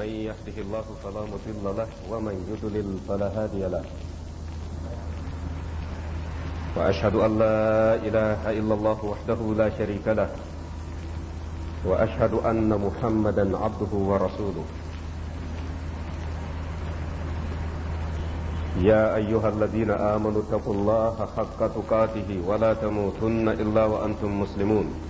من يهده الله فلا مضل له ومن يضلل فلا هادي له واشهد ان لا اله الا الله وحده لا شريك له واشهد ان محمدا عبده ورسوله يا ايها الذين امنوا اتقوا الله حق تقاته ولا تموتن الا وانتم مسلمون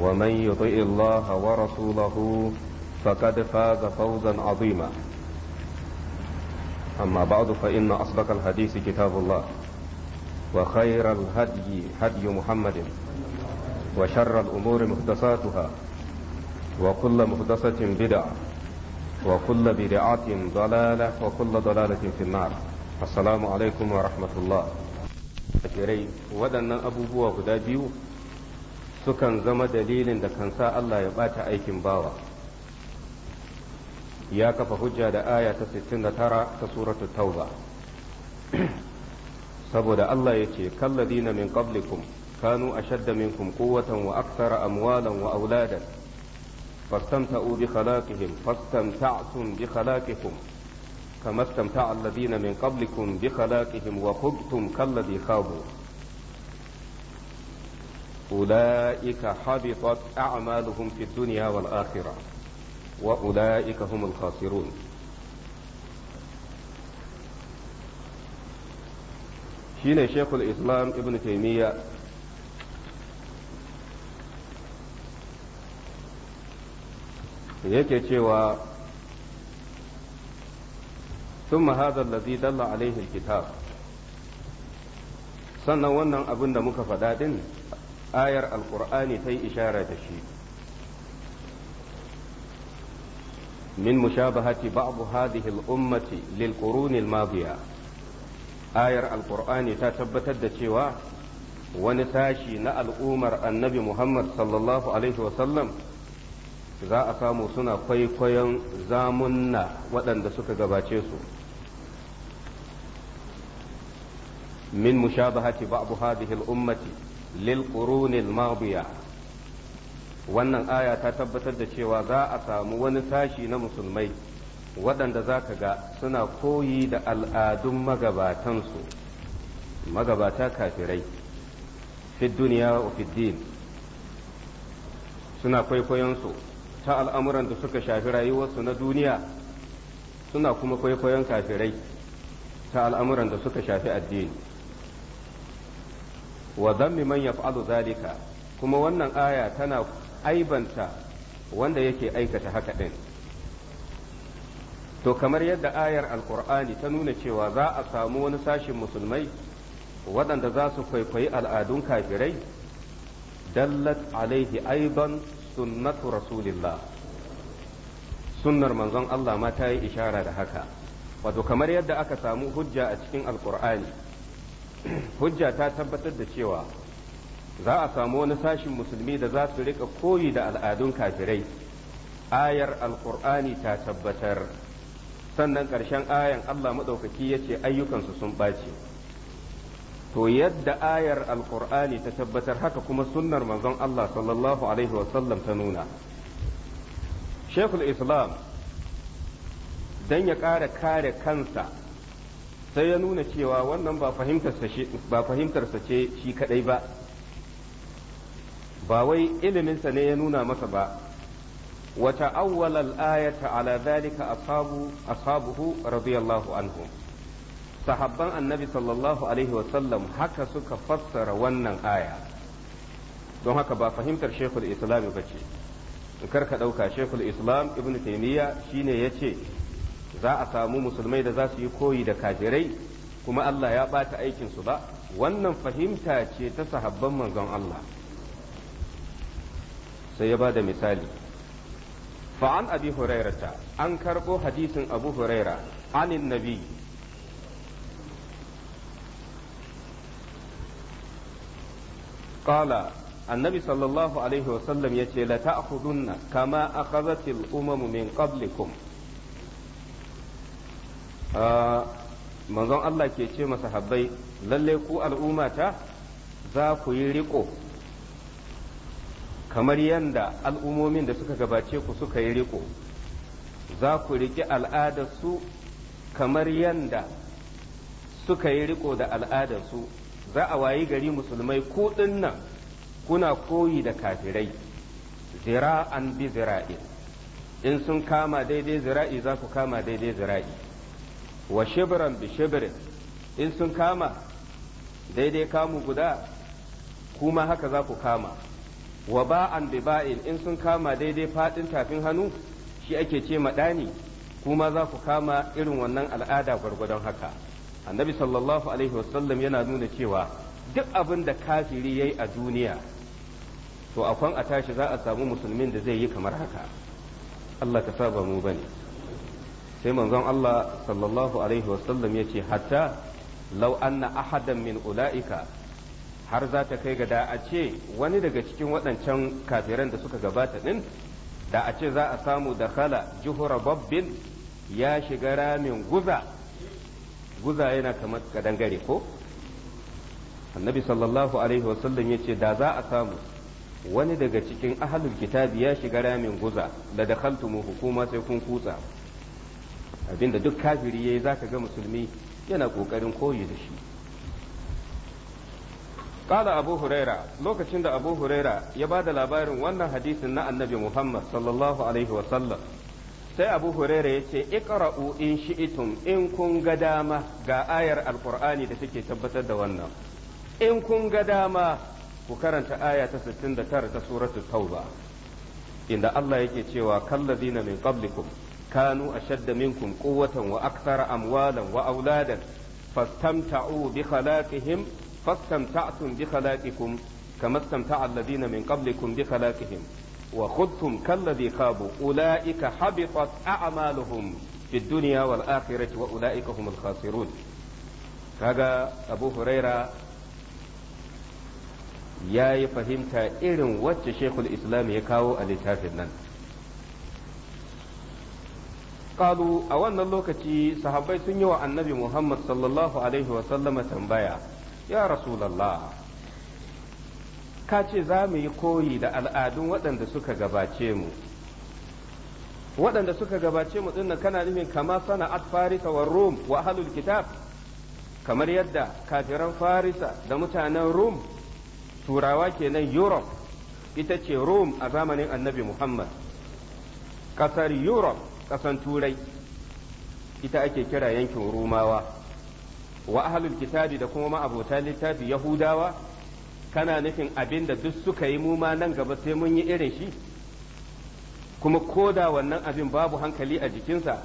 ومن يطع الله ورسوله فقد فاز فوزا عظيما أما بعد فإن أصدق الحديث كتاب الله وخير الهدي هدي محمد وشر الأمور محدثاتها وكل محدثة بدعة وكل بدعة ضلالة وكل ضلالة في النار السلام عليكم ورحمة الله waɗannan abubuwa guda sukan zama dalilin da kan sa Allah ya ɓata aikin bawa ya kafa hujja da aya ta 69 ta suratul tauba saboda Allah ya ce kalladina min qablikum kanu ashadda minkum quwwatan wa akthara amwalan wa auladan fastamta'u bi khalaqihim fastamta'tum bi khalaqikum kama istamta'a alladhina min qablikum bi khalaqihim wa khudtum kalladhi khabu أولئك حبطت أعمالهم في الدنيا والآخرة وأولئك هم الخاسرون shine shekul islam ibn taimiyya yake cewa sun mahazar lazi dalla alaihi kitab sannan wannan abin da muka faɗa ɗin ayar alkur'ani ta yi ishara da shi min mushabahati ba'du hadhihi al-ummati lil quruni al-madiya ayar alkur'ani ta tabbatar da cewa wani sashi na al'ummar annabi Muhammad sallallahu alaihi wasallam za a samu suna kwaikwayon zamunna waɗanda suka gabace su min mushabahati ba'du hadhihi al-ummati lil qurunil madiya wannan aya ta tabbatar da cewa za a samu wani sashi na musulmai waɗanda za ka ga suna koyi da al'adun magabatansu magabata kafirai fi duniya wa fi suna kwaikwayonsu ta al'amuran da suka shafi rayuwarsu na duniya suna kuma kwaikwayon kafirai ta al'amuran da suka shafi addini wa dhammi man yaf'alu zalika kuma wannan aya tana aibanta wanda yake aikata haka din to kamar yadda ayar alkur'ani ta nuna cewa za a samu wani sashin musulmai waɗanda za su kwaikwayi al'adun kafirai dallat alaihi aiban sunnatu rasulillah sunnar manzon Allah ma ta yi ishara da haka wato kamar yadda aka samu hujja a cikin alkur'ani hujja ta tabbatar da cewa za a samu wani sashin musulmi da za su rika koyi da al'adun kafirai ayar alkur'ani ta tabbatar sannan ƙarshen ayan allah maɗaukaki ya ce ayyukansu sun ɓace to yadda ayar alkur'ani ta tabbatar haka kuma sunnar manzon allah sallallahu alaihi wasallam ta nuna shekul islam don ya ƙara kare kansa sai ya nuna cewa wannan ba fahimtarsa ce shi kadai ba ba wai iliminsa ne ya nuna masa ba wata awwalal ayata ala zalika ashabu ashabuhu radiyallahu anhum sahabban annabi sallallahu alaihi wasallam haka suka fassara wannan aya don haka ba fahimtar shekul islam ba ce kar ka ɗauka shekul islam ibn taimiyya shine yace za a samu musulmai da za su yi koyi da kafirai kuma Allah ya ɓata aikinsu ba wannan fahimta ce ta sahabban manzon Allah sai ya ba da misali fa'an abi hurairata an karɓo hadisin abu huraira anin nabi قال النبي صلى الله عليه وسلم يتي لتأخذن كما أخذت الأمم من قبلكم manzon Allah ke ce masa habbai lalle ku al'ummata za ku yi riko kamar yadda al'ummomin da suka gabace ku suka yi riko za ku riƙi al'adarsu kamar yadda suka yi riko da al'adarsu za a wayi gari musulmai ku nan kuna koyi da kafirai zira'an bi zira'i, in sun kama daidai zira'i za ku kama daidai zira'i wa shibran bi shibrin in sun kama daidai kamu guda kuma haka za ku kama wa ba'an bi ba'in in sun kama daidai fadin tafin hannu shi ake ce maɗani kuma za ku kama irin wannan al'ada gwargwadon haka annabi sallallahu alaihi wasallam yana nuna cewa duk abin da kafiri yayi a duniya to akwan a tashi za a samu musulmin da zai yi kamar haka Allah ka saba mu bane sai manzon Allah sallallahu alaihi wasallam ya ce hatta lau anna ahadan min ula'ika har za ta kai ga da a ce wani daga cikin waɗancan kafiran da suka gabata ɗin da a ce za a samu da khala juhura babbin ya shiga ramin guza guza yana kamar kadangare ko annabi sallallahu alaihi wasallam ya ce da za a samu wani daga cikin ahalul kitabi ya shiga ramin guza da mu hukuma sai kun kutsa abinda duk kafiri yi zaka ga musulmi yana ƙoƙarin koyi da shi Ƙada abu huraira lokacin da abu huraira ya ba da labarin wannan hadisin na annabi muhammad sallallahu alaihi wa sallam sai abu huraira ya ce iqra'u in shi'itum in kun ga dama ga ayar alqur'ani da take tabbatar da wannan in kun ga dama ku karanta aya ta 69 ta suratul tauba inda Allah yake cewa kallazina min qablikum كانوا أشد منكم قوة وأكثر أموالا وأولادا فاستمتعوا بخلاقهم فاستمتعتم بخلاقكم كما استمتع الذين من قبلكم بخلاقهم وخذتم كالذي خابوا أولئك حبطت أعمالهم في الدنيا والآخرة وأولئك هم الخاسرون هذا أبو هريرة يا فهمت إلن irin شيخ الإسلام يكاو ya qalu a wannan lokaci sahabbai sun yi wa annabi Muhammad sallallahu alaihi wa sallama tambaya ya kace ka ce za mu yi koyi da al'adun waɗanda suka gabace mu waɗanda suka gabace mu dinnan kana nufin kama sana'at farisa wa rum wa ahlul kitab kamar yadda kafiran farisa da mutanen rum turawa kenan europe ita ce rum a zamanin annabi muhammad ƙasar europe ƙasan turai ita ake kira yankin rumawa wa ahlul kitabi da kuma ma'abota littafi yahudawa kana nufin abin da duk suka yi muma nan gaba sai mun yi irin shi kuma ko da wannan abin babu hankali a jikinsa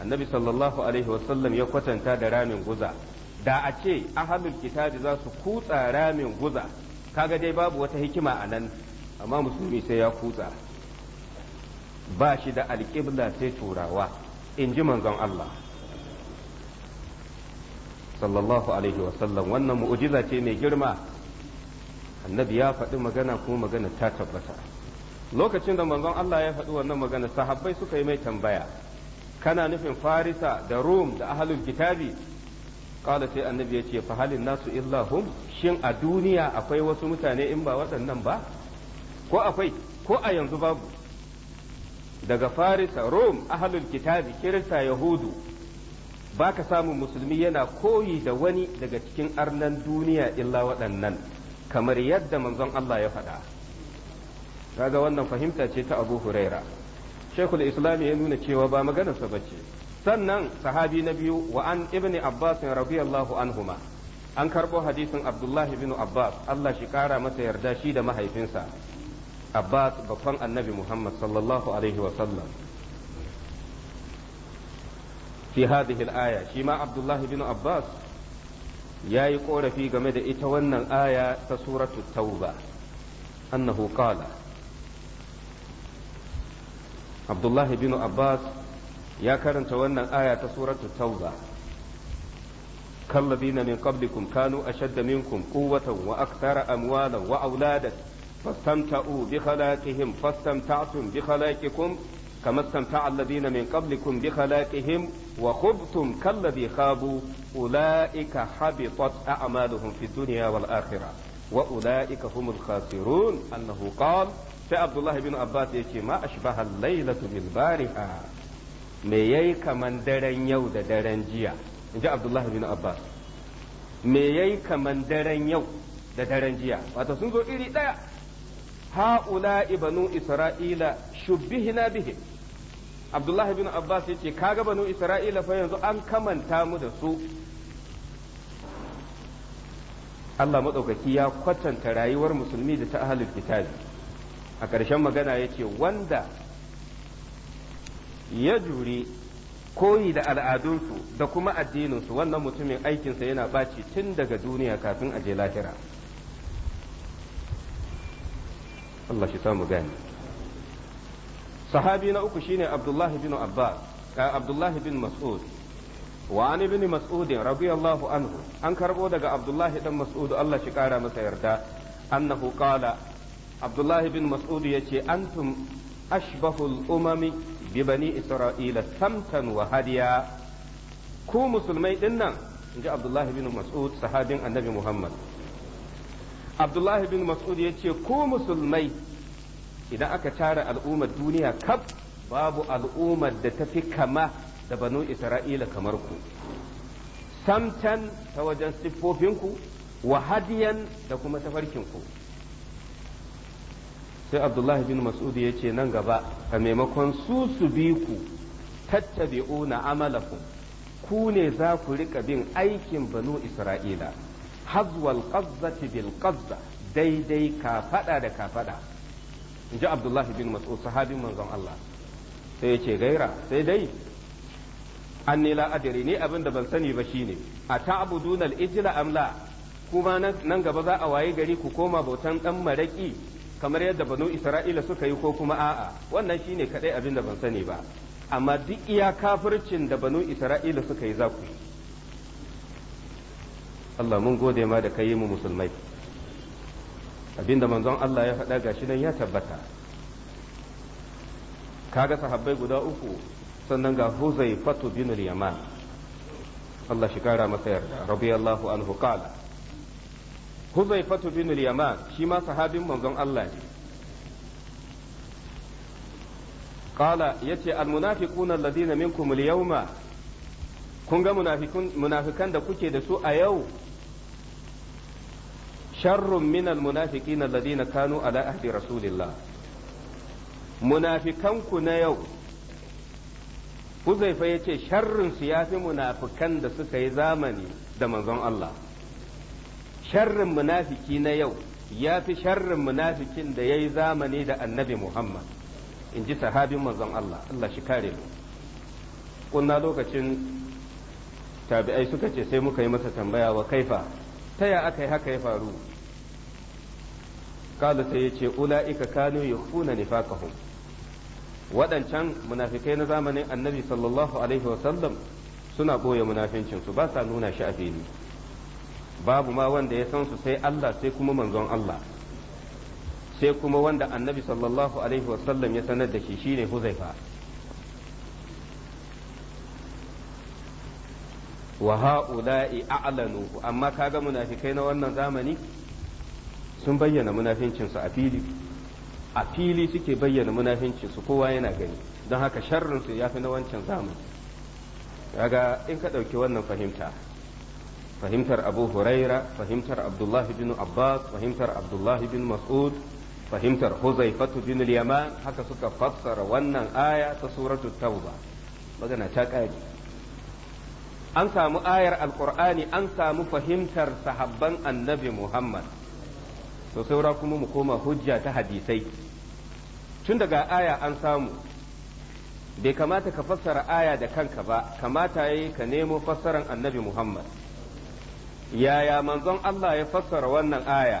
annabi sallallahu alaihi wasallam ya kwatanta da ramin guza da a ce ahlul kitabi za su kutsa ramin guza kaga dai babu wata hikima a nan amma musulmi sai ya kutsa ba shi da alƙibla sai turawa in ji manzon Allah sallallahu alaihi wasallam wannan mu'ujiza ce mai girma annabi ya faɗi magana kuma magana ta tabbata lokacin da manzon Allah ya faɗi wannan magana sahabbai suka yi mai tambaya kana nufin farisa da rum da ahalul kitabi kala sai annabi ya ce fahalin nasu illahum shin a duniya akwai wasu mutane in ba waɗannan ba ko akwai ko a yanzu babu daga farisa rom ahalul kitabi kirista yahudu ba ka samun musulmi yana koyi da wani daga cikin arnan duniya illa waɗannan kamar yadda manzon Allah ya faɗa kaga wannan fahimta ce ta abu huraira shekul islam ya nuna cewa ba maganarsa ba ce sannan sahabi na biyu wa an Ibn abbas radiyallahu anhuma an karɓo hadisin abdullahi bin abbas Allah shi kara masa yarda shi da mahaifinsa abbas babban annabi muhammad sallallahu alaihi wasallam fi hadhihi al-aya shi ma abdullah bin abbas yayi korafi game da ita wannan aya ta suratu tauba annahu qala abdullah bin abbas ya karanta wannan aya ta suratu tauba min كالذين من قبلكم كانوا أشد منكم قوة وأكثر أموالا وأولادا فاستمتعوا بخلاقهم فاستمتعتم بخلاقكم كما استمتع الذين من قبلكم بخلاقهم وخبتم كالذي خابوا أولئك حبطت أعمالهم في الدنيا والآخرة وأولئك هم الخاسرون أنه قال في عبد الله بن عباس ما أشبه الليلة بالبارحة ميي كمن درن يود درن جيا جاء عبد الله بن عباس ميي كمن درن يود درن جيا وتسنزو إلي ha'ula banu isra'ila shubbihina bihi abdullahi bin abbas yace kaga banu isra'ila fa yanzu an kamanta mu da su Allah maɗaukaki ya kwatanta rayuwar musulmi da ta ahalul kitabi a ƙarshen magana yace wanda ya jure koyi da al'adunsu da kuma addininsu wannan mutumin aikinsa yana ɓaci tun daga duniya kafin a je lahira. Allah shi mu gani sahabi na uku shine Abdullahi bin Abbas Abdullahi bin Mas'ud wa an Mas'ud radiyallahu anhu an karbo daga Abdullahi dan Mas'ud Allah shi kara masa yarda annahu qala Abdullahi bin Mas'ud yace antum ashbahul umami bi bani Isra'ila samtan wa hadiya ku musulmai dinnan inji Abdullahi bin Mas'ud sahabin Annabi Muhammad abdullahi bin mas'ud ya ce ko musulmai idan aka tara al'ummar duniya kaf babu al'ummar da ta fi kama da banu isra'ila kamar ku samtan ta wajen siffofinku wa hadiyan da kuma tafarkin ku. sai abdullahi bin mas'ud ya ce nan gaba a maimakon su su bi ku tattabi'una amalakum ku ne za ku rika bin aikin banu isra'ila hazwal qazzati bil qazza daidai ka fada da kafada in ji abdullahi bin mas'ud sahabin manzon Allah sai ya gaira sai dai anni la ni abin da ban sani ba shine a tabudunal al-ijla am kuma nan gaba za a waye gari ku koma bautan dan maraki kamar yadda banu isra'ila suka yi ko kuma a'a wannan shine kadai abin da ban sani ba amma duk iya kafircin da banu isra'ila suka yi za ku Allah mun gode ma da kai mu musulmai abinda manzon Allah ya faɗa gashi nan ya tabbata kaga sahabbai guda uku sannan ga Huzaifatu bin yaman Allah shi kara masa yarda radiyallahu anhu qala Huzaifatu bin al-Yaman shi ma sahabin manzon Allah ne qala yace al-munafiquna alladhina minkum al-yawma kun ga munafikan da kuke da su a yau sharrun minal na alladhina kanu ala ahdi rasulillah munafikanku na yau Huzaifa ya ce sharrinsu ya fi munafikan da suka yi zamani da manzon Allah. Sharrin munafiki na yau ya fi sharrin munafikin da ya yi zamani da annabi Muhammad, in ji sahabin manzon Allah, Allah shi Kunna lokacin tabi'ai suka ce sai muka yi masa tambaya wa kaifa, ta ya aka yi haka ya faru, kalu sai ya ce ula'ika kanu yukhfuna nifaqahum waɗancan munafikai na zamanin annabi sallallahu alaihi wasallam suna munafincinsu ba sa nuna shi a fili babu ma wanda ya san su sai Allah sai kuma manzon Allah sai kuma wanda annabi sallallahu alaihi wasallam ya sanar da shi shine huzaifa wa ha'ula'i a'lanuhu amma kaga munafikai na wannan zamani sun bayyana munafincinsu a fili a fili suke bayyana munafincinsu kowa yana gani don haka sharrinsu ya fi na wancan zamani kaga in ka ɗauki wannan fahimta fahimtar abu huraira fahimtar abdullahi bin abbas fahimtar abdullahi bin mas'ud fahimtar huzaifatu bin yaman haka suka fassara wannan aya ta suratul tauba magana ta ƙari an samu ayar alkur'ani an samu fahimtar sahabban annabi muhammad to saura kuma mu koma hujja ta hadisai tun daga aya an samu bai kamata ka fassara aya da kanka ba kamata yayi ka nemo fassaran annabi muhammad yaya manzon allah ya fassara wannan aya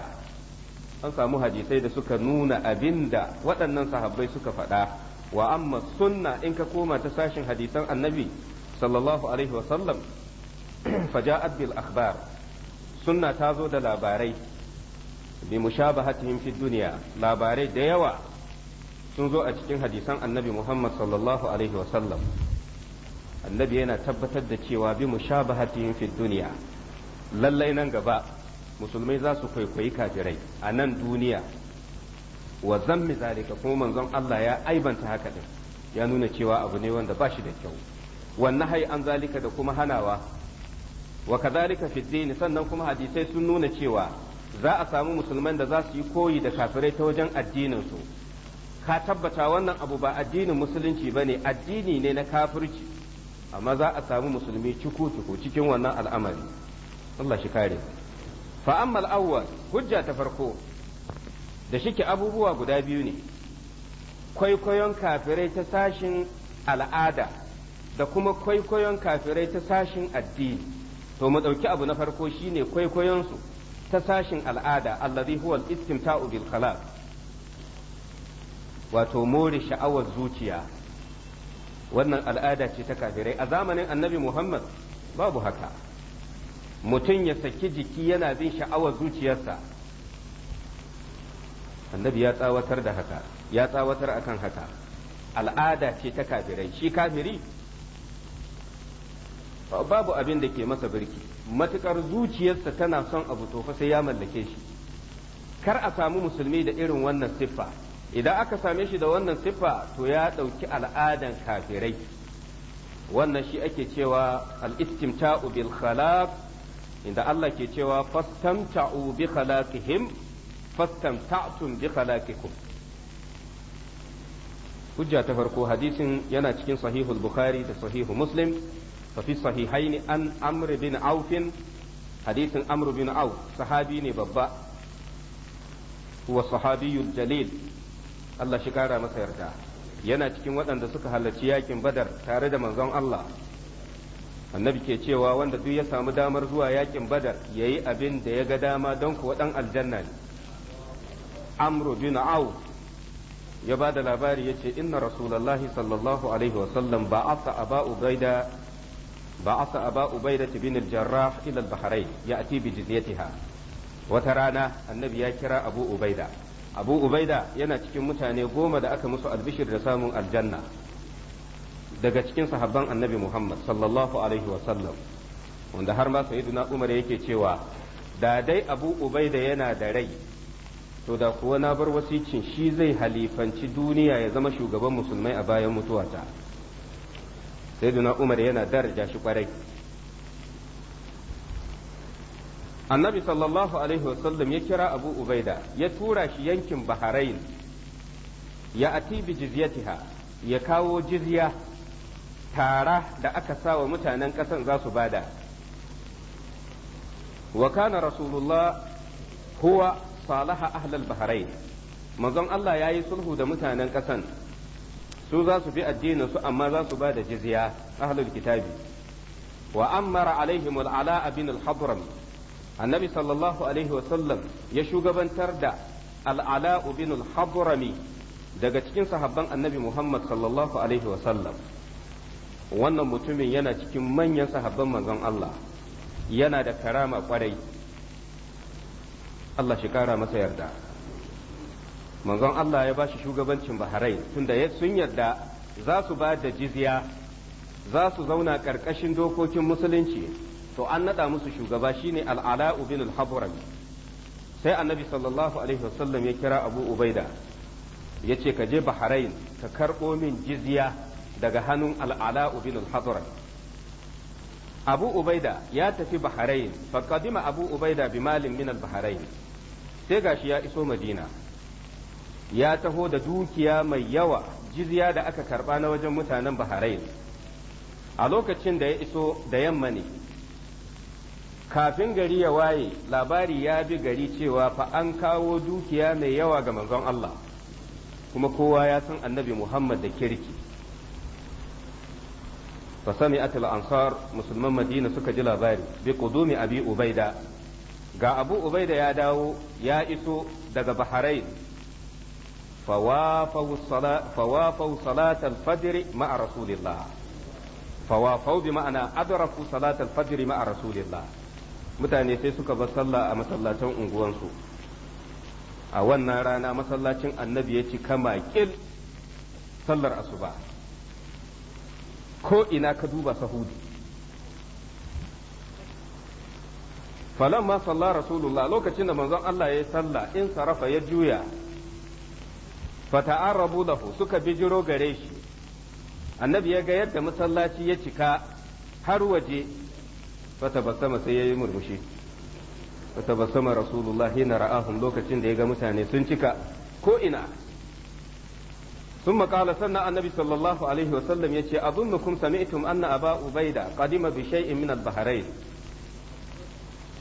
an samu hadisai da suka nuna abinda waɗannan sahabbai suka faɗa wa amma sunna in ka koma ta sashin hadisan annabi sallallahu alaihi wasallam bil akhbar sunna ta zo da labarai bi mushabahatihim fi duniya labarai da yawa sun zo a cikin hadisan annabi Muhammad sallallahu alaihi wasallam annabi yana tabbatar da cewa bi mushabahatihim fi duniya lallai nan gaba musulmai za su kwaikwayi kafirai a nan duniya wa zammi zalika kuma manzon Allah ya aibanta haka din ya nuna cewa abu ne wanda ba shi da kyau wanna hai an zalika da kuma hanawa wa kadhalika fi sannan kuma hadisai sun nuna cewa za a samu musulman da za su yi koyi da kafirai ta wajen addininsu ka tabbata wannan abu ba addinin musulunci ba ne addini ne na kafirci amma za a samu musulmi cuku cikin wannan al'amari Allah shi kare fa amma al'awwal hujja ta farko da shike abubuwa guda biyu ne kwaikwayon kafirai ta sashin al'ada da kuma kwaikwayon kafirai ta sashin addini to mu ɗauki abu na farko shine kwaikwayon su ta sashin al'ada allazi huwa istimtau bil khalaq wato more sha'awar zuciya wannan al'ada ce ta kafirai a zamanin annabi Muhammad babu haka mutum ya saki jiki yana bin sha'awar zuciyarsa annabi ya tsawatar da haka ya tsawatar akan haka al'ada ce ta kafirai shi kafiri babu abin da ke masa birki matukar zuciyarsa tana son abu to fa sai ya mallake shi kar a samu musulmi da irin wannan siffa idan aka same shi da wannan siffa to ya ɗauki al'adan kafirai wannan shi ake cewa al-istimta'u bil khalaq inda Allah ke cewa fastamta'u bi khalaqihim fastamta'tum bi khalaqikum hujja ta farko hadisin yana cikin sahihul bukhari da sahihu muslim ففي الصحيحين أن أمر بن عوف حديث أمر بن عوف صحابي بابا هو الصحابي الجليل الله شكارا مسا يرجع yana cikin waɗanda suka halarci yaƙin badar tare da manzon Allah annabi ke cewa wanda duk ya samu damar zuwa yaƙin badar ya yi abin da ya ga dama don kuwa ɗan aljanna amru bin au ya ba da labari ya ce inna rasulallahi sallallahu alaihi wasallam ba a aba ubaida بعث أبا عبيدة بن الجراح إلى البحرين يأتي بجزيتها وترانا النبي يكرى أبو عبيدة أبو عبيدة yana cikin mutane goma da aka musu albishir da samun aljanna daga cikin sahabban annabi Muhammad sallallahu alaihi wa sallam wanda har ma Saidu sayyiduna Umar yake cewa da dai Abu Ubaida yana da rai to da kuwa na bar wasicin shi zai halifanci duniya ya zama shugaban musulmai a bayan mutuwata sai duna umar yana daraja shi kwarai annabi sallallahu alaihi wasallam ya kira abu ubaida ya tura shi yankin baharain ya ati bi jizyatiha ya kawo jizya tara da aka sa wa mutanen ƙasan za su bada wa kana rasulullah huwa salaha ahlal bahrain manzon Allah ya yi sulhu da mutanen ƙasan su za su bi addinin su amma za su ba da jizya ahlul kitabi wa ammara alaihim al'ala abin al-hadrami annabi sallallahu alaihi wa sallam ya shugabantar da al'ala bin al-hadrami daga cikin sahabban annabi muhammad sallallahu alaihi wa sallam wannan mutumin yana cikin manyan sahabban manzon Allah yana da karama kwarai Allah shi kara masa yarda manzon Allah ya ba shi shugabancin Bahrain tunda sun yarda za su ba da jizya za su zauna karkashin dokokin musulunci to an nada musu shugaba shine al'ala'u bin al sai annabi sallallahu alaihi wasallam ya kira Abu Ubaida ya ce ka je Bahrain ka karɓo min jizya daga hannun al'ala'u bin al Abu Ubaida ya tafi Bahrain fa qadima Abu Ubaida bi malin min al-Bahrain sai gashi ya iso Madina ya taho da dukiya mai yawa jizya da aka karba na wajen mutanen bahrain a lokacin da ya iso da yamma ne kafin gari ya waye labari ya bi gari cewa fa an kawo dukiya mai yawa ga manzon Allah kuma kowa ya san annabi Muhammad da kirki fa sami'atul ansar musulman madina suka ji labari bi qudumi abi ubaida ga abu ubaida ya dawo ya iso daga bahrain فوافوا صلاة الفجر مع رسول الله فوافوا بمعنى أدركوا صلاة الفجر مع رسول الله mutane sai suka bar sallah a masallacin unguwansu a wannan rana masallacin annabi ya ci kama sallar asuba ko ina ka duba sahudi falamma sallah rasulullah lokacin da manzon Allah ya yi sallah in sarafa ya juya fata'arabu lahu suka bijiro gare shi annabi ya ga yadda masallaci ya cika har waje Fata basama sai yayi murmushi Fata basama rasulullahi na ra'ahum lokacin da ya ga mutane sun cika ko ina ثم قال سنة النبي صلى الله عليه وسلم يتي أظنكم سمعتم أن أبا أبيدة قدم بشيء من البحرين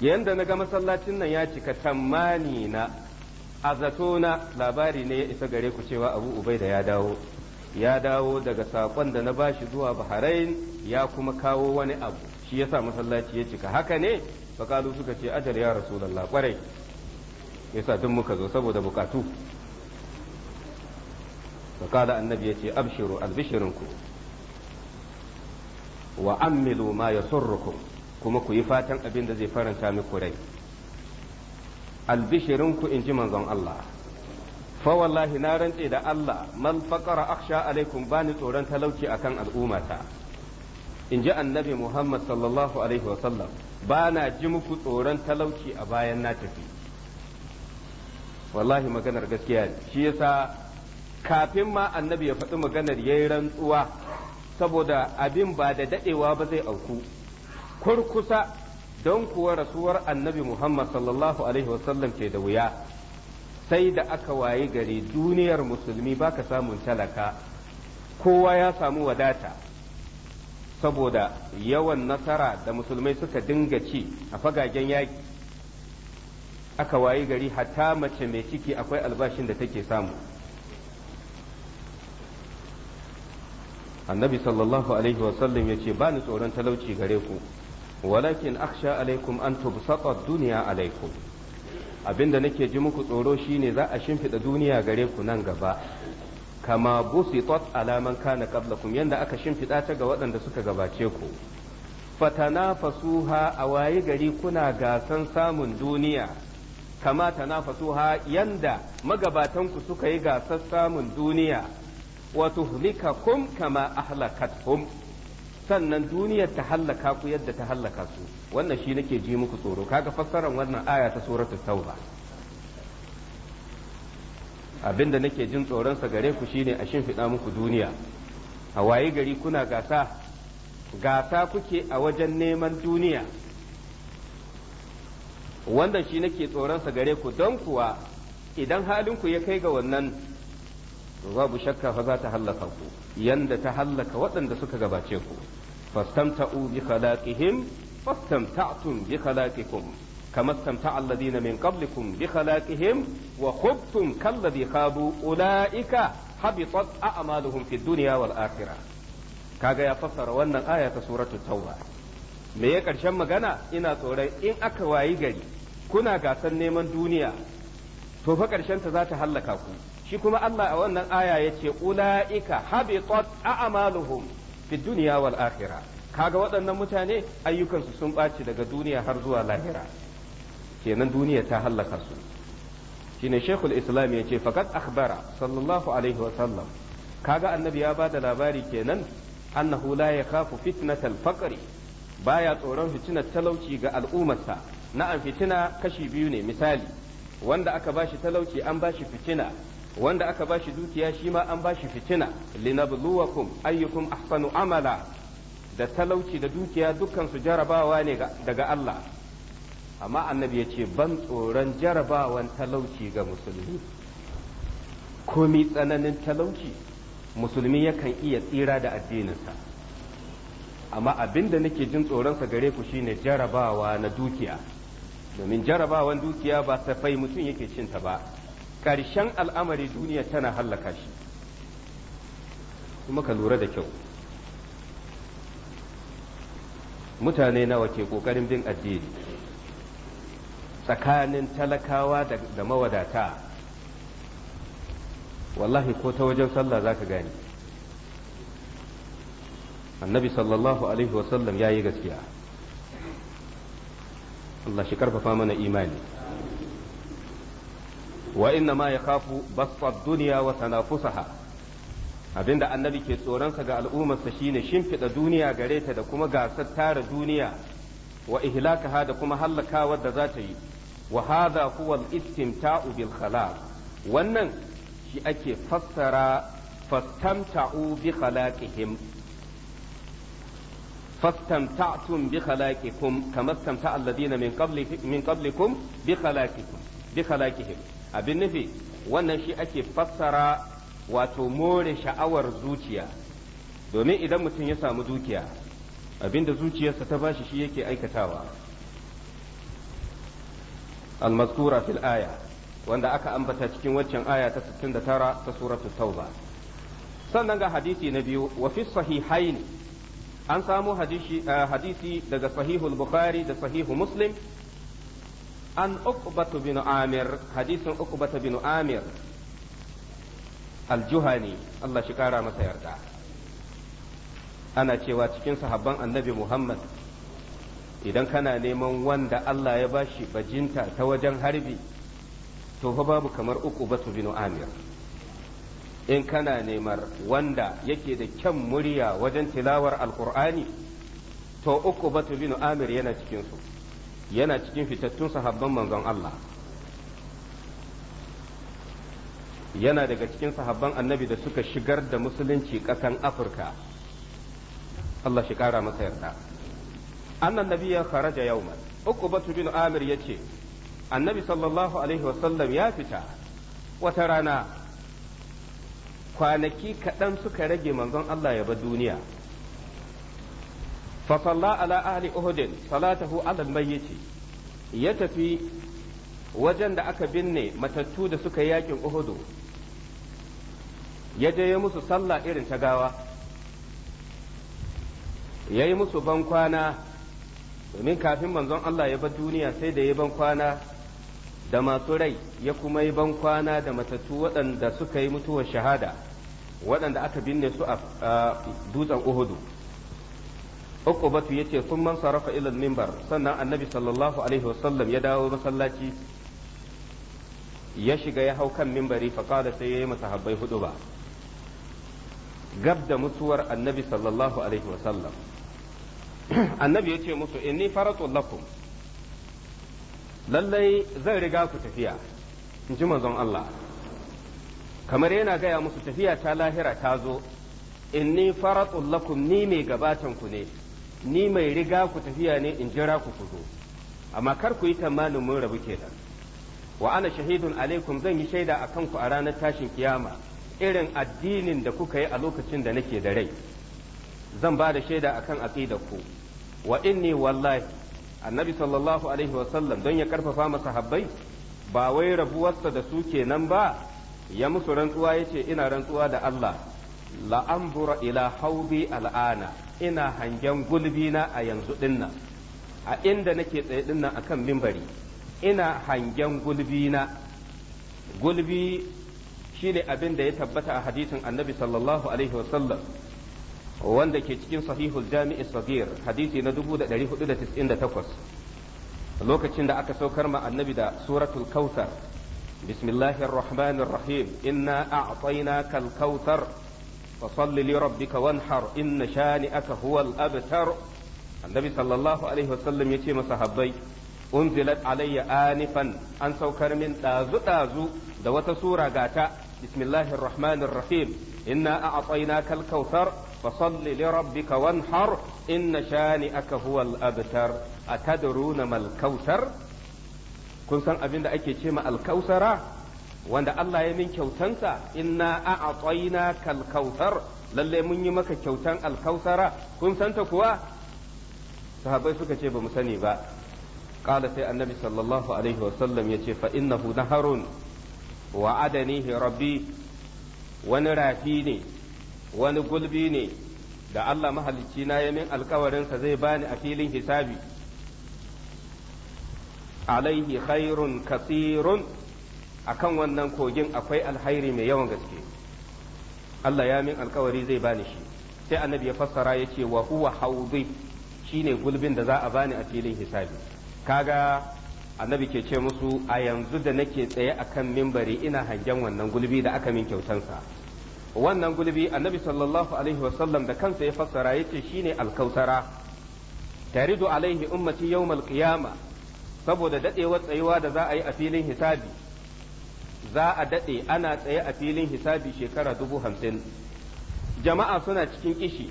yanda na ga masallacin nan ya cika tamani na a zato na labari ne ya isa gare ku cewa abu ubai da ya dawo ya dawo daga saƙon da na ba shi zuwa baharain ya kuma kawo wani abu shi ya sa masallaci ya cika haka ne fakalu suka ce ajar ya rasu rasulullah kwarai sa duk muka zo saboda bukatu fakala annabi ya yace abshiru albishirinku wa ammilu ma yasurrukum kuma ku yi fatan abin da zai faranta muku rai albishirinku in ji manzon Allah fa wallahi na rantse da Allah man faqara akhsha alaikum bani tsoron talauci akan al'ummata in ji annabi Muhammad sallallahu alaihi wa sallam bana ji muku tsoron talauci a bayan na tafi wallahi maganar gaskiya ne shi yasa kafin ma annabi ya faɗi maganar yayi rantsuwa saboda abin ba da dadewa ba zai auku kurkusa don kuwa rasuwar annabi Muhammad sallallahu Alaihi wasallam ke da wuya sai da aka wayi gari duniyar musulmi baka samun talaka kowa ya samu wadata saboda yawan nasara da musulmai suka dinga ci a fagagen yaƙi aka wayi gari hatta mace mai ciki akwai albashin da take samu annabi sallallahu alaihi wasallam ya ce ba ni tsoron talauci gare ku walakin akhsha alaikum an tubsata duniya alaikum abinda nake ji muku tsoro shine za a shimfida duniya gare ku nan gaba kama busitat alaman kana qablakum yanda aka shimfida ta ga waɗanda suka gabace ku fatanafasuha a waye gari kuna gasan samun duniya kama tanafasuha yanda magabatan ku suka yi gasar samun duniya wa tuhlikakum kama ahlakatkum sannan duniyar ta hallaka ku yadda ta hallaka su wannan shi nake ji muku tsoro kaga fassarar wannan aya ta suratul tauba abinda nake jin tsoron sa gare ku shine a shimfiɗa muku duniya a waye gari kuna gasa gasa kuke a wajen neman duniya wannan shi nake tsoron sa gare ku don kuwa idan halinku ya kai ga wannan babu shakka zata za ta hallaka ku yanda ta hallaka waɗanda suka gabace ku fastamta'u bi khalaqihim fastamta'tum bi khalaqikum kama stamta'a alladhina min qablikum bi khalaqihim wa khubtum kalladhi khabu ulaika habitat a'maluhum fid duniya wal akhirah kaga ya fassara wannan aya ta suratul tauba me ya karshen magana ina tsoron in aka wayi gari kuna gasar neman duniya to fa karshen ta za ta hallaka ku shi kuma Allah a wannan aya ce ulaika habitat a'maluhum fi dunya wal akhirah kaga waɗannan mutane ayyukansu sun ɓaci daga duniya har zuwa lahira kenan duniya ta hallaka su shine shekul islam ya ce fakat akhbara sallallahu alaihi wa sallam kaga annabi ya bada labari kenan annahu la yakhafu fitnatal faqri baya tsoron fitinar talauci ga al'ummarsa na'am fitina kashi biyu ne misali wanda aka bashi talauci an bashi fitina wanda aka ba shi dukiya shi ma an bashi fitina linabluwakum ayyukum ahsanu amala da talauci da dukiya dukkan su jarabawa ne daga Allah amma annabi ya ban tsoron jarabawan talauci ga musulmi komi tsananin talauci musulmi yakan iya tsira da addininsa amma abinda nake jin tsoronsa gare ku shine jarabawa na dukiya domin jarabawan dukiya ba safai mutum yake cinta ba Karshen al'amari duniya tana hallaka shi kuma ka lura da kyau mutane nawa ke ƙoƙarin bin addini tsakanin talakawa da mawadata wallahi ko ta wajen sallah za ka gani annabi sallallahu alaihi wasallam ya yi gaskiya Allah shi karfafa mana imani wa inna ma ya kafu basfar duniya wa fusaha abinda annabi ke tsoronsa ga al'ummarsa shine shimfiɗa duniya gare ta da kuma gasar tara duniya wa ihlakaha da kuma hallakawar da zata yi wa hadha huwa al wannan shi ake fassara fastamta'u bi khalaqihim fastamta'tum bi khalaqikum kama stamta'a alladhina min qablikum bi khalaqikum bi khalaqihim abin nufi wannan shi ake fassara wato more sha'awar zuciya domin idan mutum ya samu dukiya abinda zuciyarsa ta bashi shi yake aikatawa almaskura fil aya wanda aka ambata cikin waccan aya ta 69 ta suratul tauba sannan ga hadisi na biyu wa fi sahihaini an samu hadisi eh, daga sahihul bukhari da sahihu muslim an uqbatu bin amir hadisin uqbatu bin amir aljuhani Allah shi kara masa yarda ana cewa cikin sahabban annabi Muhammad idan kana neman wanda Allah ya bashi bajinta ta wajen harbi to fa babu kamar uqbatu bin amir in kana neman wanda yake da kyan murya wajen tilawar alkur'ani to uqbatu bin amir yana cikinsu. su yana cikin fitattun sahabban manzon Allah yana daga cikin sahabban annabi da suka shigar da musulunci ƙasan afirka Allah shi ƙara masa yarda annan nabi ya faraja yauman batu bin amir ce annabi sallallahu alaihi wasallam ya fita wata rana kwanaki kaɗan suka rage manzon Allah ya ba duniya fa salla ala ahli uhud salatahu ala al-mayyit ya tafi wajen da aka binne matattu da suka yakin uhudu ya je ya musu sallah irin ta gawa ya yi musu ban kwana domin kafin manzon Allah ya bar duniya sai da ya ban kwana da masu rai ya kuma yi ban kwana da matattu waɗanda suka yi mutuwar shahada waɗanda aka binne su a dutsen uhudu uqubatu yace sun man sarafa ila minbar sannan annabi sallallahu alaihi wasallam ya dawo masallaci ya shiga ya hau kan minbari fa qala sai yayi habbai hudu ba gab da mutuwar annabi sallallahu alaihi wasallam annabi yace musu inni faratu lakum lallai zan riga ku tafiya in ji manzon Allah kamar yana gaya musu tafiya ta lahira ta zo inni faratu lakum ni mai gabatan ku ne ni mai riga ku tafiya ne in jira ku kuzo amma kar ku yi tamanin mun rabu kenan wa ana shahidun alaikum zan yi shaida a kanku a ranar tashin kiyama irin addinin da kuka yi a lokacin da nake da rai zan ba da shaida a kan ku wa inni wallahi annabi sallallahu alaihi wasallam don ya karfafa masa habbai ba wai rabuwarsa da su kenan ba ya musu rantsuwa yace ina rantsuwa da Allah la'anzura ila haubi al'ana ina hangen gulbina a yanzu dinnan a inda nake tsaye dinnan akan mimbari ina hangen gulbina gulbi shine abin da ya tabbata a hadisin annabi sallallahu alaihi wasallam wanda ke cikin sahihul jami'i sagir hadisi na 1498 lokacin da aka saukar ma annabi da suratul kautar. bismillahir rahmanir rahim inna a'tainakal kautar fasalli li rabbika wanhar inna shani'aka huwal abtar annabi sallallahu alaihi ma yace masahabbai unzilat alayya anifan an saukar min dazu dazu da wata sura gata bismillahir rahmanir rahim inna a'tainakal kautsar fasalli li rabbika wanhar inna shani'aka huwal abtar atadruna mal kautsar kun san abin da ake ce ma alkausara wanda Allah ya min kyautansa inna a'atayna kal kautsar lalle mun yi maka kyautan alkausara kun santa kuwa sahabbai suka ce ba mu sani ba qala sai annabi sallallahu alaihi wa sallam yace fa innahu naharun wa adanihi rabbi wani rafi ne wani gulbi ne da Allah mahalicci na ya min alkawarinsa zai bani a filin hisabi alaihi khairun kasirun akan wannan kogin akwai alhairi mai yawan gaske Allah ya min alkawari zai bani shi sai annabi ya fassara ya ce wa huwa haudi shine gulbin da za a bani a filin hisabi kaga annabi ke ce musu a yanzu da nake tsaye akan mimbari ina hangen wannan gulbi da aka min kyautansa wannan gulbi annabi sallallahu alaihi wasallam da kansa ya fassara ya ce shine alkautara taridu alaihi ummati yawmal qiyama saboda dadewar tsayuwa da za a yi a filin hisabi za a daɗe ana tsaye a filin hisabi shekara dubu hamsin jama'a suna cikin kishi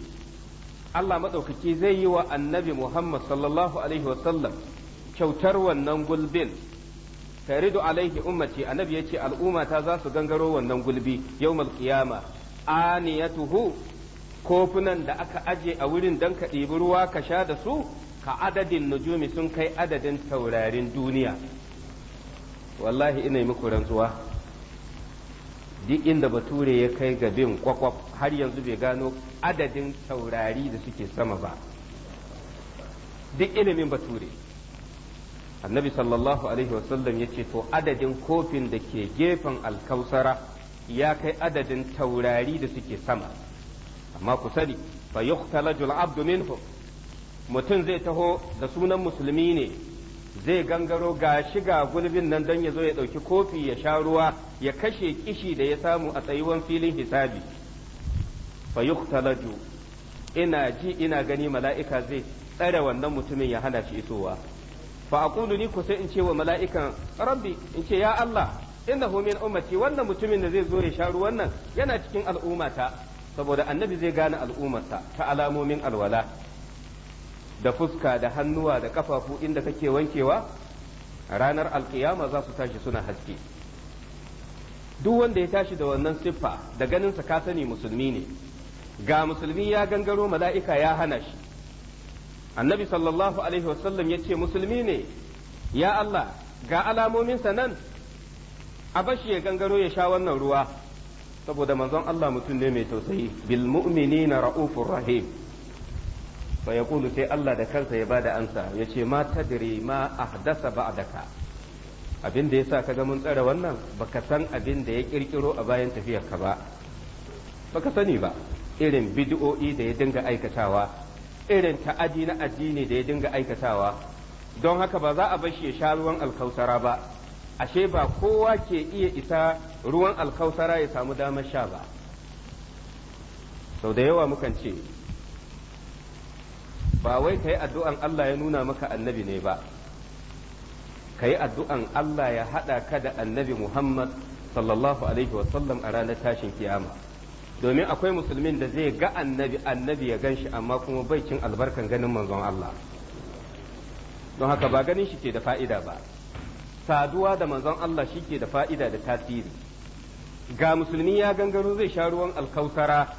Allah maɗaukaki zai yi wa annabi Muhammad sallallahu alaihi wasallam kyautar wannan gulbin taridu alaihi ummati annabi ya ce al'ummata za su gangaro wannan gulbi yawmal qiyama aniyatuhu kofunan da aka aje a wurin don ka ɗibi ruwa ka sha da su ka adadin nujumi sun kai adadin taurarin duniya wallahi ina yi muku rantsuwa duk inda bature ya kai ga bin kwakwaf har yanzu bai gano adadin taurari da suke sama ba duk ilimin bature annabi sallallahu alaihi wasallam ya ce to adadin kofin da ke gefen alkausara ya kai adadin taurari da suke sama amma ku sani fa yuqtalajul abdu minhum mutum zai taho da sunan musulmi ne zai gangaro ga shiga gulbin nan don ya zo ya ɗauki kofi ya sha ruwa ya kashe kishi da ya samu a tsayuwan filin hisabi fa yuqtalaju ina ji ina gani mala'ika zai tsare wannan mutumin ya hana shi isowa fa aqulu ni ko sai in ce wa mala'ikan rabbi in ce ya Allah innahu min ummati wannan mutumin da zai zo ya sha ruwan nan yana cikin al'ummata saboda annabi zai gane al'ummarsa ta alamomin alwala da fuska da hannuwa da kafafu inda kake wankewa ranar alkiyama za su tashi suna haske duk wanda ya tashi da wannan siffa da ganinsa ka sani musulmi ne ga musulmi ya gangaro mala'ika ya hana shi annabi sallallahu alaihi wasallam ya ce musulmi ne ya Allah ga alamominsa nan a bashi ya gangaro ya sha wannan ruwa saboda manzon Allah mutum ne mai tausayi bil mu'minina ra'ufur rahim fa yaqulu sai Allah da kansa ya bada ansa yace ma tadri ma ahdasa ba'daka abin da yasa kaga mun tsare wannan baka san abin da ya kirkiro a bayan tafiyar ka ba baka sani ba irin bid'o'i da ya dinga aikatawa irin ta'adi na addini da ya dinga aikatawa don haka ba za a bar shi ya sha ruwan alkausara ba ashe ba kowa ke iya isa ruwan alkausara ya samu damar sha ba sau da yawa mukan ce ba wai ka yi addu'an Allah ya nuna maka annabi ne ba ka yi addu'an Allah ya haɗa ka da annabi Muhammad sallallahu alaihi wasallam a ranar tashin kiyama domin akwai musulmin da zai ga annabi annabi ya gan shi amma kuma bai cin albarkan ganin manzon Allah don haka ba ganin shi ke da fa'ida ba saduwa da manzon Allah shi ke da fa'ida da tasiri ga musulmi ya gangaro zai sha ruwan alkautara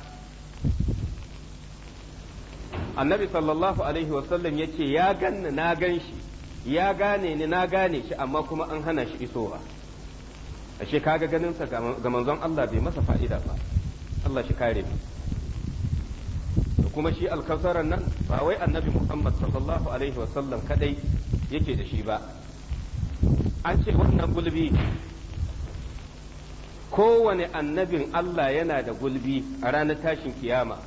annabi sallallahu alaihi wasallam ya ce ya ganni na gan shi ya gane ni na gane shi amma kuma an hana shi isowa ashe kaga ganinsa ga manzon Allah bai masa fa'ida ba Allah shi kare mu da kuma shi alkasaran nan ba wai annabi Muhammad sallallahu alaihi wasallam kadai yake da shi ba an ce wannan gulbi kowane annabin Allah yana da gulbi a ranar tashin kiyama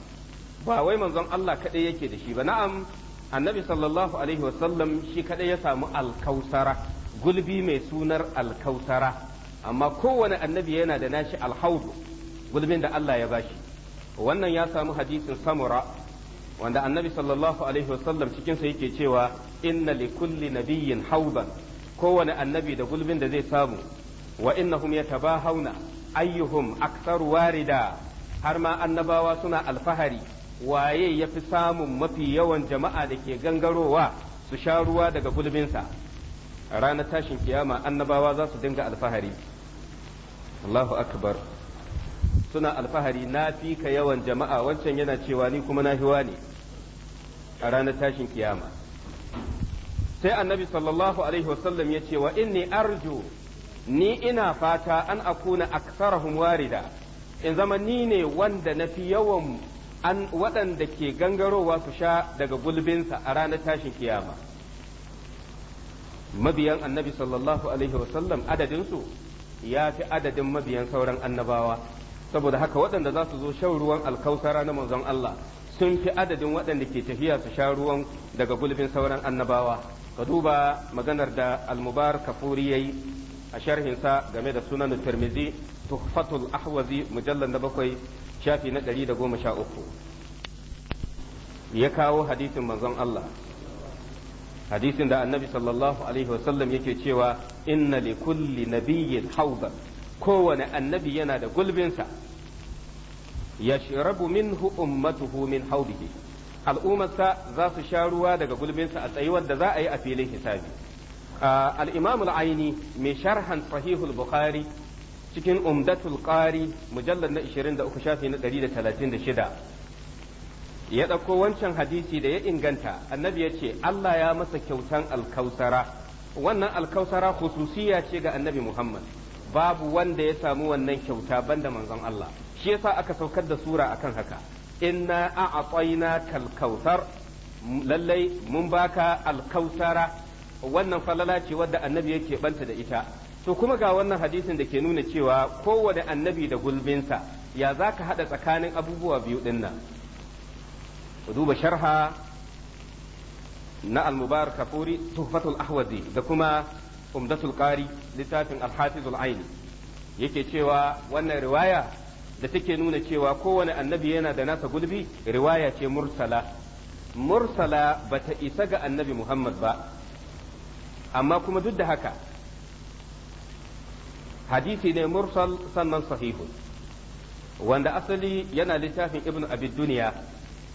ba wai manzon Allah kaɗai yake da shi ba na'am annabi sallallahu alaihi wasallam shi kaɗai ya samu alkausara gulbi mai sunar alkausara amma kowane annabi yana da nashi alhaudu gulbin da Allah ya bashi wannan ya samu hadisin samura wanda annabi sallallahu alaihi wasallam cikinsa yake cewa inna li kulli nabiyyin haudan kowane annabi da gulbin da zai samu wa innahum yatabahawna ayyuhum aktsaru warida har ma annabawa suna alfahari waye ya fi samun mafi yawan jama'a da ke gangarowa su sha ruwa daga gulbinsa a ranar tashin kiyama annabawa za su dinga alfahari Allahu akbar suna alfahari na fi ka yawan jama'a wancan yana cewa ni kuma na hiwa ne a ranar tashin kiyama sai annabi sallallahu alaihi wasallam ya ce wa inni arju ni ina fata an akuna aksarahum warida in zama ni ne wanda na fi yawan an waɗanda ke gangarowa su sha daga gulbinsa a ranar tashin kiyama mabiyan annabi sallallahu alaihi wasallam adadinsu ya fi adadin mabiyan sauran annabawa saboda haka waɗanda za su zo shan ruwan alkausa na manzon Allah sun fi adadin waɗanda ke tafiya su sha ruwan daga gulbin sauran annabawa ka duba maganar da almubar kafuri yayi a sharhinsa game da sunan tirmizi tufatul ahwazi mujallar na bakwai shafi na ɗari da goma sha uku ya kawo hadisin manzon Allah hadisin da annabi sallallahu alaihi wasallam yake cewa inna li kulli nabiyyin haudan kowane annabi yana da gulbinsa yashrabu minhu ummatuhu min haudihi al'ummarsa za su sha ruwa daga gulbinsa a tsayuwar da za a yi a filin hisabi al-imam al-aini mai sharhan sahihul bukhari cikin umdatul qari mujallad na 23 shafi na 136 ya ɗauko wancan hadisi da ya inganta annabi ya ce Allah ya masa kyautan alkausara wannan alkausara khususiya ce ga annabi Muhammad babu wanda ya samu wannan kyauta banda manzon Allah shi yasa aka saukar da sura akan haka inna a'tayna kalkausar lallai mun baka alkausara wannan falala ce wadda annabi yake banta da ita to kuma ga wannan hadisin da ke nuna cewa kowane annabi da gulbinsa ya za ka haɗa tsakanin abubuwa biyu ɗin nan ku duba sharha na al kafuri tuhfatul ahwazi da kuma umdatul qari littafin al-hafizul aini yake cewa wannan riwaya da take nuna cewa kowane annabi yana da nasa gulbi riwaya ce mursala mursala bata isa ga annabi muhammad ba amma kuma duk da haka hadisi ne mursal sannan sahihun wanda asali yana littafin ibn abi duniya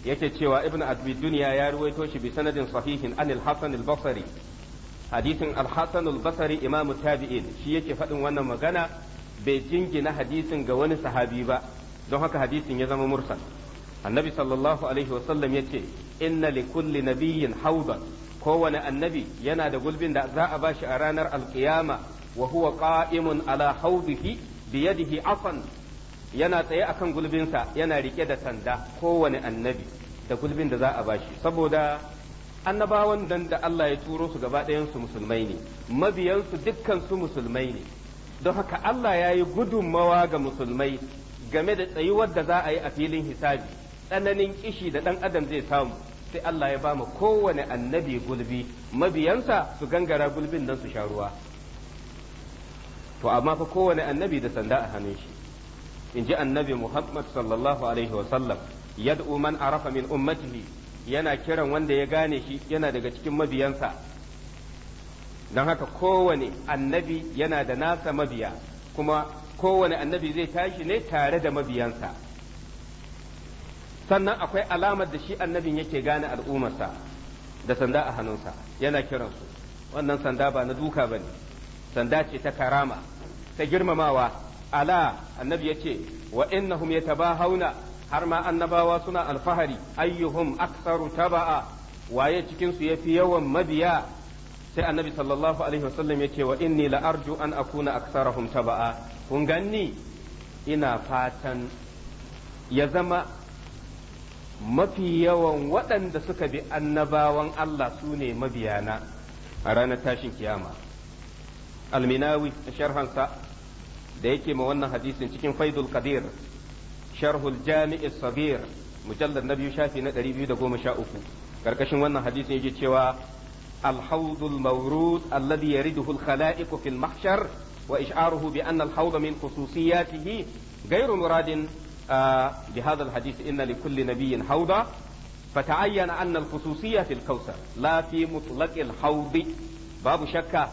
yake cewa ibn abi duniya ya ruwaito shi bi sanadin sahihin anil hasan al-basri hadisin al-hasan al-basri imam tabi'in shi yake faɗin wannan magana bai jingina hadisin ga wani sahabi ba don haka hadisin ya zama mursal annabi sallallahu alaihi wasallam yace inna likulli nabiyyin hawdan kowane annabi yana da gulbin da za a bashi a ranar alkiyama wa huwa qa'imun ala hawdihi bi yadihi afan yana tsaye akan gulbinsa yana rike da sanda kowane annabi da gulbin da za a bashi saboda annabawan dan da Allah ya turo su gaba su musulmai ne mabiyansu dukkan su musulmai ne don haka Allah ya yi gudunmawa ga musulmai game da tsayuwar da za a yi a filin hisabi tsananin kishi da ɗan adam zai samu sai Allah ya ba mu kowane annabi gulbi mabiyansa su gangara gulbin dan su sha ruwa to amma fa kowane annabi da sanda a hannun shi in ji annabi muhammad sallallahu alaihi wasallam yad'u man arafa min ummatihi yana kiran wanda ya gane shi yana daga cikin mabiyansa don haka kowane annabi yana da nasa mabiya kuma kowane annabi zai tashi ne tare da mabiyansa sannan akwai alamar da shi annabin yake gane al'ummarsa da sanda a hannunsa yana kiransu wannan sanda ba na duka ba ne sanda ce ta karama ta girmamawa ala annabi yace wa innahum yatabahawna har ma annabawa suna alfahari ayyuhum aktsaru taba'a waye cikin su yafi yawan mabiya sai annabi sallallahu alaihi wasallam yace wa inni la arju an akuna aktsarahum taba'a kun ganni ina fatan ya zama mafi yawan waɗanda suka bi annabawan Allah su ne mabiyana a ranar tashin kiyama alminawi a sharhansa da yake ma wannan hadisin cikin FaizulKabir qadir sharhul jami'i mujallar na biyu shafi na 213 karkashin wannan hadisin yake cewa alhawdul mawrud alladhi yariduhu al-khala'iq fi al wa ish'aruhu bi anna al-hawd min khususiyatihi Gairu muradin ah, bi hadha al-hadith inna li kulli nabiyyin hawda فتعين أن الخصوصية في الكوثر لا في مطلق الحوض باب شكه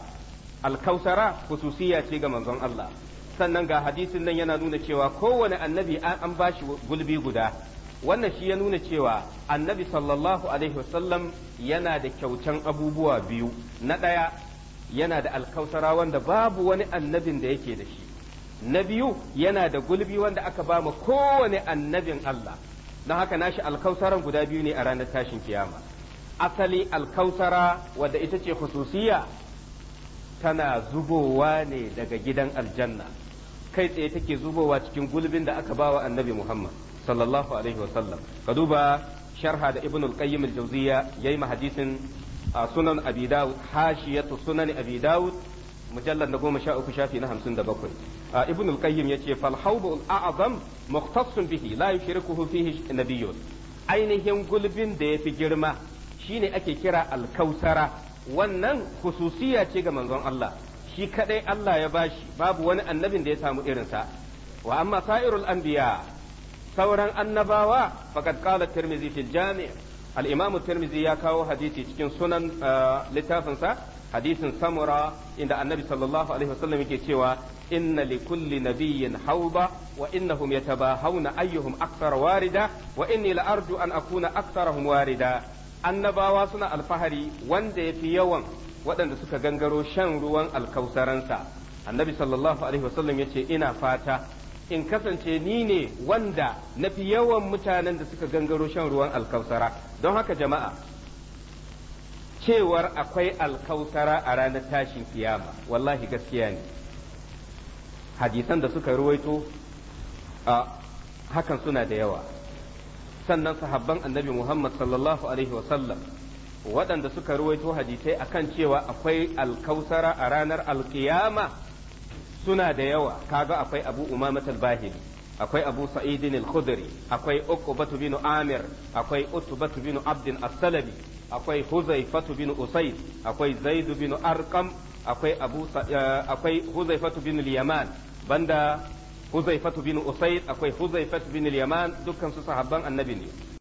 alkausara hususiya ce ga manzon Allah sannan ga hadisin nan yana nuna cewa kowane annabi an shi gulbi guda wannan shi ya nuna cewa annabi sallallahu alaihi wasallam yana da kyautan abubuwa biyu na ɗaya yana da alkausara wanda babu wani annabin da yake da shi na biyu yana da gulbi wanda aka ba ma kowane annabin Allah don haka nashi alkausaran guda biyu ne a ranar tashin kiyama asali alkausara wanda ita ce khususiya tana zubowa ne daga gidan aljanna kai tsaye take zubowa cikin gulbin da aka bawa annabi Muhammad sallallahu alaihi wasallam ka duba sharha da ibn al-qayyim al-jawziya yayi ma hadisin sunan abi daud hashiyatu sunan abi daud mujallad na goma sha uku shafi na hamsin da bakwai ibn al-qayyim yace fal hawbu azam mukhtassun bihi la yushrikuhu fihi nabiyyun ainihin gulbin da yafi girma shine ake kira al wannan hususiya ce ga manzon Allah shi kadai Allah ya bashi babu wani annabin da ya samu irinsa wa amma sa'irul anbiya sauran annabawa faqad qala tirmizi fil jami' al-imam tirmizi ya kawo hadisi cikin sunan eh, littafinsa hadisin samura inda annabi sallallahu alaihi wasallam yake cewa inna li kulli nabiyyin hauba wa innahum yatabahawna ayyuhum akthar warida wa inni la arju an akuna aktharahum warida annabawa suna alfahari wanda yafi yawan waɗanda suka gangaro shan ruwan alkausaransa annabi sallallahu alaihi wasallam ya ce ina fata in kasance ni ne wanda nafi yawan mutanen da suka gangaro shan ruwan alkausara don haka jama'a cewar akwai alkausara a ranar tashin kiyama wallahi gaskiya ne hadisan da suka ruwaito a hakan suna da yawa sannan sahabban annabi Muhammad sallallahu alaihi wasallam waɗanda suka ruwaito hadisai akan cewa akwai alkausara a ranar alkiyama suna da yawa kaga akwai abu umamat al-bahili akwai abu sa'idin al-khudri akwai uqbatu bin amir akwai utbatu bin abdin as-salabi akwai huzaifatu bin usayd akwai zaid bin arqam akwai abu eh, akwai huzaifatu bin al-yaman banda huzaifatu bin usaid akwai huzaifatu bin yaman dukkan su sahabban annabi ne